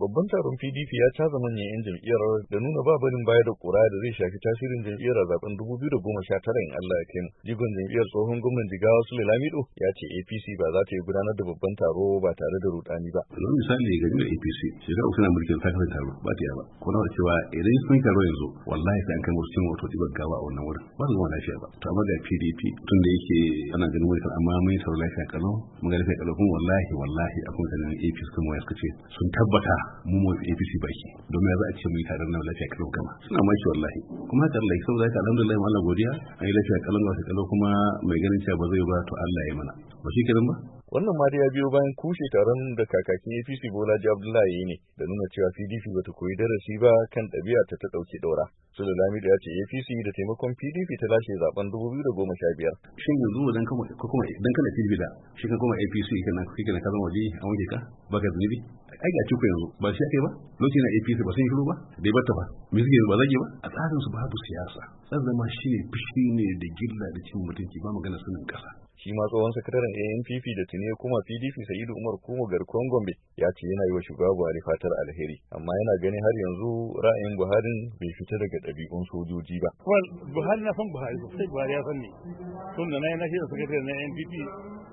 babban taron pdp ya caza manyan 'yan jam'iyyar da nuna ba barin baya da kura da zai shafi tasirin jam'iyyar a zaben 2019 in allah ya kai jigon jam'iyyar tsohon gwamnan jigawa sule lamido ya ce apc ba za ta yi gudanar da babban taro ba tare da rudani ba zan misali ga jami'ar apc shekaru uku na mulkin ta kafin taro ba ta ba ko na cewa idan sun taro yanzu wallahi sai an kai musu cikin wato ɗibar gawa a wannan wurin ba zama lafiya ba to amma da pdp tun da yake ana ganin wani amma yi sauran lafiya kano mun ga lafiya kano kuma wallahi wallahi akwai mutanen apc kuma waya suka ce sun tabbata mu mu APC baki domin ya za a ce mu yi tare na lafiya kalau gama suna ma shi wallahi kuma haka Allah sau zaka alhamdulillah Allah godiya an yi lafiya kalau ga kalau kuma mai ganin cewa ba zai ba to Allah ya mana ba shi kiran ba wannan ma ya biyo bayan kushe taron da kakakin apc bolaji abdullahi ne da nuna cewa pdp bata koyi darasi ba kan ɗabi'a ta ta ɗauki ɗaura sule lamido ya ce apc da taimakon pdp ta lashe zaben 2015. shin yanzu wajen kuma idan kana pdp da shi kan kuma apc kana ka zama waje a wanke ka baka zunubi ai ga cikin yanzu ba shi ake ba lokacin na apc ba sun shiru ba bai bata ba me suke ba zage ba a tsarin su babu siyasa Sannan ma shi ne fishi ne da gilla da cin mutunci ba magana sunan kasa shi ma tsohon sakataren ANPP da tuni kuma PDP Sa'idu Umar Kumo garkuwan Gombe ya ce yana yi wa shugaba Buhari fatar alheri amma yana gani har yanzu ra'ayin Buhari bai fita daga ɗabi'un sojoji ba. Buhari na san Buhari sosai Buhari ya san ni tun da na yi nashi da sakataren na ANPP,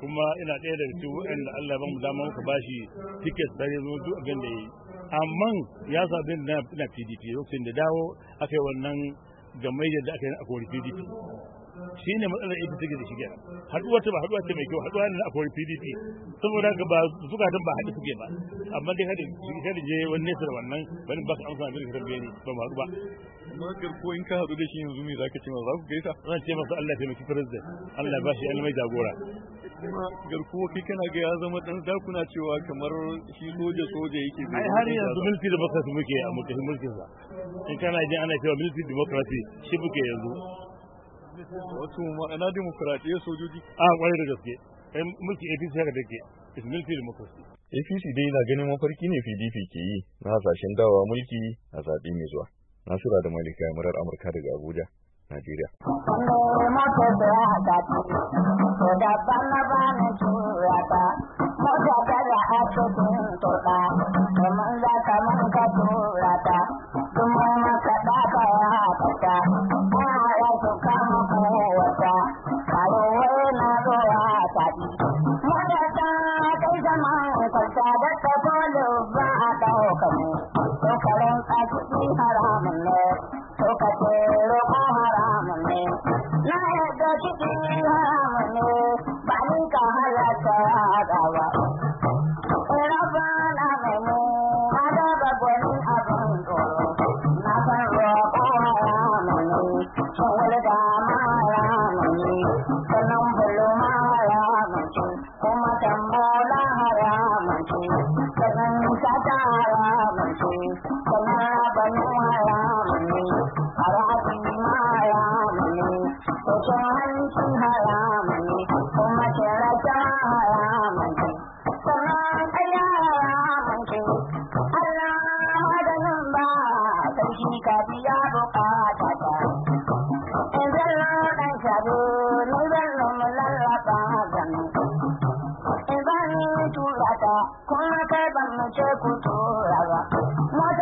kuma ina ɗaya daga cikin da Allah ban mu dama muka shi tiket ya zuwa duk abin da ya yi. Amma ya sa bin na PDP lokacin da dawo aka yi wannan gamayyar da aka yi a kori PDP. shi ne matsalar ita take da shiga haduwa ta ba haduwa ta mai kyau haduwa ne na akwai pdp saboda haka ba zukatan ba haɗu suke ba amma dai hadin shi je wani nesa da wannan bari ba ka amsa da kan ne ba ma haɗu ba amma ko in ka haɗu da shi yanzu me zaka ce masa za ku gaisa zan ce masa Allah ya taimaki president Allah ya ba shi almai jagora kuma garkuwa kai kana ga ya zama dan dakuna cewa kamar shi soja soja yake ai har yanzu mulki da baka su muke a mutum mulkin sa in kana jin ana cewa mulki democracy shi muke yanzu wato ma'ana dimokuraɗiyyar sojoji a ah, kwarai da gaske ɗan mulki APC haka take is military democracy APC dai na ganin mafarki ne PDP ke yi na hasashen dawa mulki a zaɓe mai zuwa Nasura da Malika murar Amurka daga Abuja Najeriya Mota da kwanta da kwakwalo ba a ɗauka ne, tokarin tsaki haramun ne, tokace roƙo haramun ne, na yadda ciki haramun ne, ba ni ka halatta a gaba. Rabba na na shi ka biya bukata ta. In zallo ɗan shago, ni zallo mu lallaba zanu. In ba ni tura ta, kuma kai ban mu ce